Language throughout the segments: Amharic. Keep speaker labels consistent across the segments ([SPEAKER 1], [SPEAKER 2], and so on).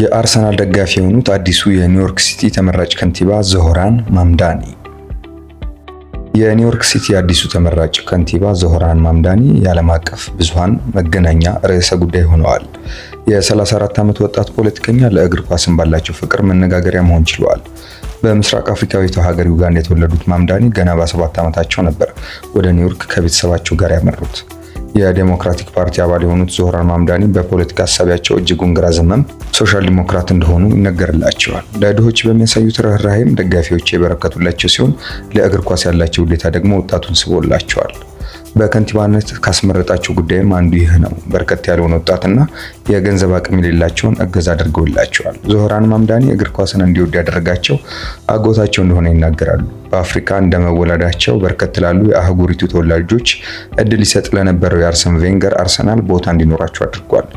[SPEAKER 1] የአርሰናል ደጋፊ የሆኑት አዲሱ የኒውዮርክ ሲቲ ተመራጭ ከንቲባ ዞህራን ማምዳኒ። የኒውዮርክ ሲቲ አዲሱ ተመራጭ ከንቲባ ዞህራን ማምዳኒ የዓለም አቀፍ ብዙሃን መገናኛ ርዕሰ ጉዳይ ሆነዋል። የ34 ዓመት ወጣት ፖለቲከኛ ለእግር ኳስን ባላቸው ፍቅር መነጋገሪያ መሆን ችለዋል። በምስራቅ አፍሪካዊቷ ሀገር ዩጋንዳ የተወለዱት ማምዳኒ ገና በ7 ዓመታቸው ነበር ወደ ኒውዮርክ ከቤተሰባቸው ጋር ያመሩት። የዴሞክራቲክ ፓርቲ አባል የሆኑት ዞህራን ማምዳኒ በፖለቲካ ሀሳቢያቸው እጅጉን ግራ ዘመም ሶሻል ዲሞክራት እንደሆኑ ይነገርላቸዋል። ለድሆች በሚያሳዩት ርኅራሄም ደጋፊዎች የበረከቱላቸው ሲሆን ለእግር ኳስ ያላቸው ውዴታ ደግሞ ወጣቱን ስቦላቸዋል። በከንቲባነት ካስመረጣቸው ጉዳይም አንዱ ይህ ነው። በርከት ያለውን ወጣትና የገንዘብ አቅም የሌላቸውን እገዛ አድርገውላቸዋል። ዞህራን ማምዳኒ እግር ኳስን እንዲወድ ያደረጋቸው አጎታቸው እንደሆነ ይናገራሉ። በአፍሪካ እንደመወለዳቸው በርከት ላሉ የአህጉሪቱ ተወላጆች እድል ይሰጥ ለነበረው የአርሰን ቬንገር አርሰናል ቦታ እንዲኖራቸው አድርጓል።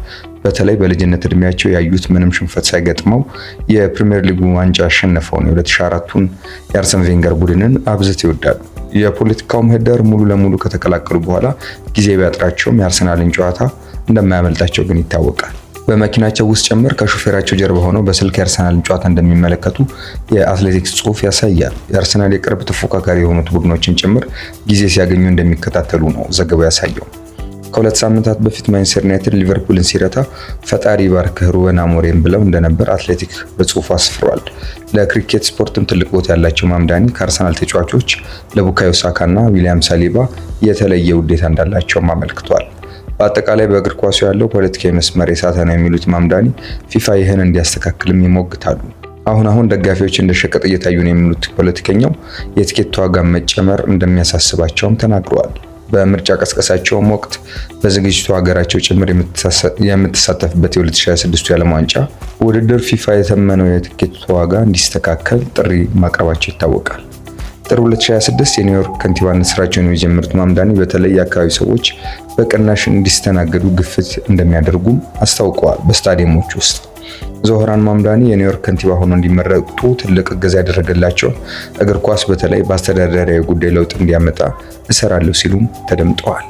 [SPEAKER 1] በተለይ በልጅነት እድሜያቸው ያዩት ምንም ሽንፈት ሳይገጥመው የፕሪሚየር ሊጉ ዋንጫ አሸነፈውን የ2004ቱን የአርሰን ቬንገር ቡድንን አብዝተው ይወዳሉ። የፖለቲካው ምህዳር ሙሉ ለሙሉ ከተቀላቀሉ በኋላ ጊዜ ቢያጥራቸውም የአርሰናልን ጨዋታ እንደማያመልጣቸው ግን ይታወቃል። በመኪናቸው ውስጥ ጭምር ከሹፌራቸው ጀርባ ሆነው በስልክ የአርሰናልን ጨዋታ እንደሚመለከቱ የአትሌቲክስ ጽሑፍ ያሳያል። የአርሰናል የቅርብ ተፎካካሪ የሆኑት ቡድኖችን ጭምር ጊዜ ሲያገኙ እንደሚከታተሉ ነው ዘገባው ያሳየው። ከሁለት ሳምንታት በፊት ማንችስተር ዩናይትድ ሊቨርፑልን ሲረታ ፈጣሪ ባርክህ ሩበን አሞሪም ብለው እንደነበር አትሌቲክ በጽሑፉ አስፍሯል። ለክሪኬት ስፖርትም ትልቅ ቦታ ያላቸው ማምዳኒ ከአርሰናል ተጫዋቾች ለቡካዮ ሳካ ዊሊያም ሳሊባ የተለየ ውዴታ እንዳላቸውም አመልክቷል። በአጠቃላይ በእግር ኳሱ ያለው ፖለቲካዊ መስመር የሳተ ነው የሚሉት ማምዳኒ ፊፋ ይህን እንዲያስተካክልም ይሞግታሉ። አሁን አሁን ደጋፊዎች እንደ ሸቀጥ እየታዩ ነው የሚሉት ፖለቲከኛው የትኬት ዋጋ መጨመር እንደሚያሳስባቸውም ተናግረዋል። በምርጫ ቀስቀሳቸውም ወቅት በዝግጅቱ ሀገራቸው ጭምር የምትሳተፍበት የ 2026 የዓለም ዋንጫ ውድድር ፊፋ የተመነው የትኬት ዋጋ እንዲስተካከል ጥሪ ማቅረባቸው ይታወቃል። ጥር 2026 የኒውዮርክ ከንቲባነት ስራቸውን የሚጀምሩት ማምዳኒ በተለይ የአካባቢ ሰዎች በቅናሽ እንዲስተናገዱ ግፊት እንደሚያደርጉም አስታውቀዋል። በስታዲየሞች ውስጥ ዞህራን ማምዳኒ የኒውዮርክ ከንቲባ ሆኖ እንዲመረጡ ትልቅ እገዛ ያደረገላቸው እግር ኳስ በተለይ በአስተዳደራዊ ጉዳይ ለውጥ እንዲያመጣ እሰራለሁ ሲሉም ተደምጠዋል።